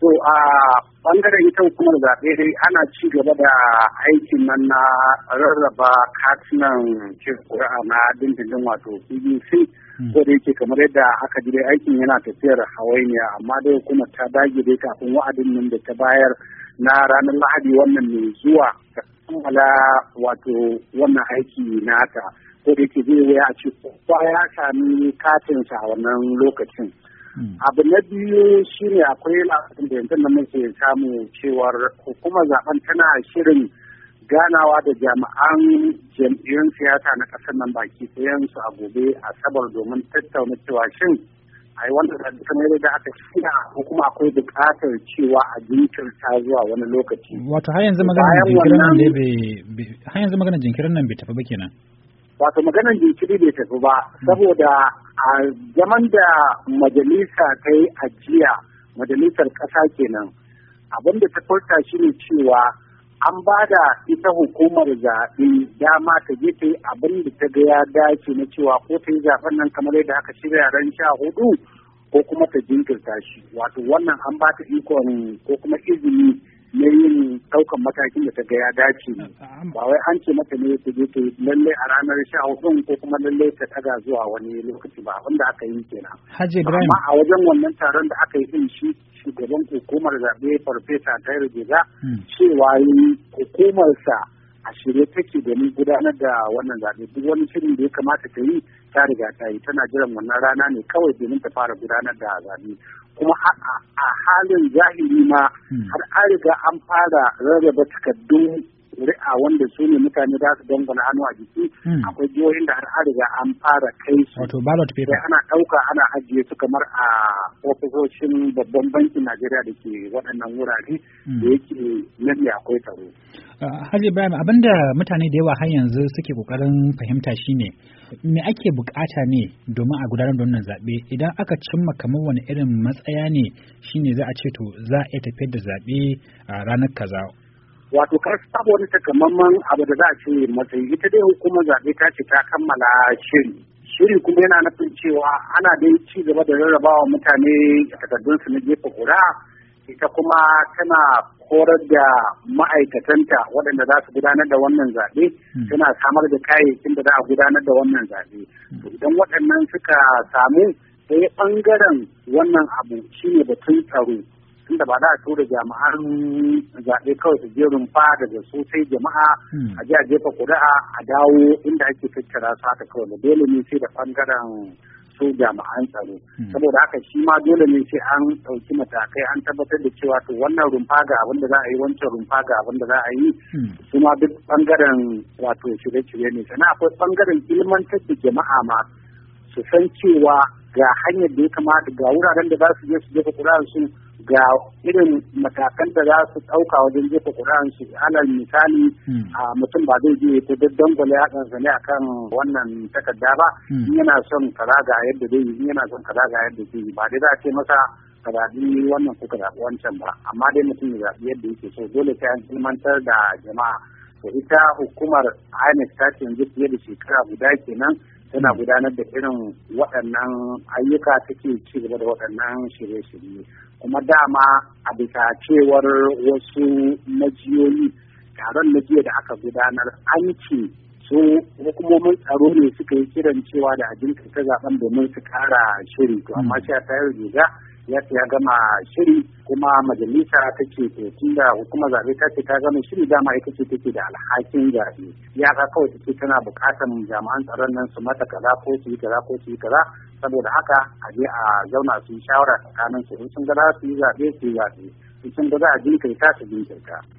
To a bangaren ita hukumar zaɓe dai ana ci gaba da aikin nan na rarraba katunan cin ƙuri'a na dindindin wato BBC hmm. ko da yake kamar yadda aka ji aikin yana tafiyar hawainiya amma dai hukumar ta dage dai kafin wa'adin nan da ta bayar na ranar lahadi wannan mai zuwa ta kammala wato wannan aiki nata ko da yake zai a ce kowa ya sami katinsa a wannan lokacin. Hmm. abu na biyu shine akwai lafafin da yanzu da muke samu cewar hukumar zaben tana shirin ganawa da jami'an jam'iyyun siyasa na ƙasar nan baki su a gobe asabar domin tattauna cewa shin yi wanda kamar da aka shirya ko kuma akwai buƙatar cewa a jinkirta zuwa wani lokaci wato har yanzu maganar jinkirin nan bai tafi ba kenan wato maganar jinkiri bai tafi ba saboda a zaman da majalisa ta yi ajiya majalisar ƙasa kenan abin da ta furta shi ne cewa an ba da ita hukumar zaɓe dama ta je ta yi abin da ta ga ya dace na cewa ko ta yi zaɓen nan kamar yadda aka shirya ran sha hudu ko kuma ta jinkirta shi wato wannan an ba ta ikon ko kuma izini na yin ɗaukan matakin da ta ga ya dace ba wai an ce mata ne ta je ta lallai a ranar sha hudun ko kuma lallai ta ɗaga zuwa wani lokaci ba wanda aka yi kenan. Amma a wajen wannan taron da aka yi din shi shugaban hukumar zaɓe farfesa Tayar Jega hmm. cewa yi hukumarsa a shirye take domin gudanar da wannan zaɓe duk wani shirin da ya kamata ta yi ta riga ta yi tana jiran wannan rana ne kawai domin ta fara gudanar da zaɓe kuma a halin zahiri ma hmm. har an riga an fara rarraba takardun ƙuri'a wanda su ne mutane za su dangwala hannu a jiki hmm. akwai jihohin da har an riga an fara kai su wato ballot paper ana ɗauka ana ajiye su kamar a ofisoshin babban bankin Najeriya da ke waɗannan wurare hmm. da yake lalle akwai tsaro uh, Hajji Ibrahim abinda mutane da yawa har yanzu suke kokarin fahimta shine me ake bukata ne domin a gudanar da wannan zaɓe idan aka cimma kamar wani irin matsaya ne shine za a ce to za a iya tafiyar da zaɓe a uh, ranar kaza wato kar samu wani takamaiman abu da za a ce matsayi ita dai hukumar zaɓe ta ce ta kammala shiri shiri kuma yana nufin cewa ana dai ci gaba da rarrabawa mutane takardunsu na gefe guda ita kuma tana horar da ma'aikatanta waɗanda za su gudanar da wannan zaɓe tana hmm. samar da kayayyakin da za a gudanar da wannan zaɓe hmm. idan waɗannan suka samu sai ɓangaren wannan abu shine batun tsaro tunda ba za a tura jami'an zaɓe kawai su je rumfa daga su sai jama'a hmm. a ji a jefa kuri'a a dawo inda ake tattara su haka kawai dole ne sai da ɓangaren su jama'an tsaro hmm. saboda haka shi ma dole ne sai an ɗauki matakai an tabbatar da cewa to wannan rumfa ga abin za a yi wancan rumfa ga abin za a yi kuma hmm. duk ɓangaren wato shirye-shirye ne sannan akwai ɓangaren ilmantar da jama'a ma su san cewa ga hanyar da ya kamata ga wuraren da za su je su jefa su ga irin matakan da za su ɗauka wajen jefa su alal misali hmm. a mutum ba zai je ta daddangwale hakan zane ne kan wannan takarda ba hmm. in yana son kaza ga yadda zai yi in yana son kaza ga yadda zai yi ba dai za a ce masa ka zaɓi wannan ko ka wancan ba amma dai mutum ya zaɓi yadda yake so dole sai an ilmantar da jama'a to ita hukumar INEC ta ce yanzu fiye da shekara guda kenan tana gudanar da irin waɗannan ayyuka take ci gaba da waɗannan shirye-shirye kuma dama a bisa cewar wasu majiyoyi taron na jiya da aka gudanar an ce su hukumomin tsaro ne suka yi kiran cewa da ajin ta zaben domin su kara shiri to amma sha ta riga ya gama shiri kuma majalisa ta ce tun da hukumar zaɓe ta ce ta gama shiri dama ita ce take da alhakin zaɓe ya ga kawai take tana buƙatar jami'an tsaron nan su mata kaza ko su yi kaza ko su yi kaza saboda haka a je a zauna su yi shawara tsakanin su sun ga za su yi zaɓe su yi zaɓe sun ga za a jinkirta su jinkirta